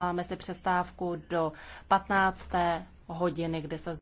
Máme si přestávku do 15. hodiny, kde se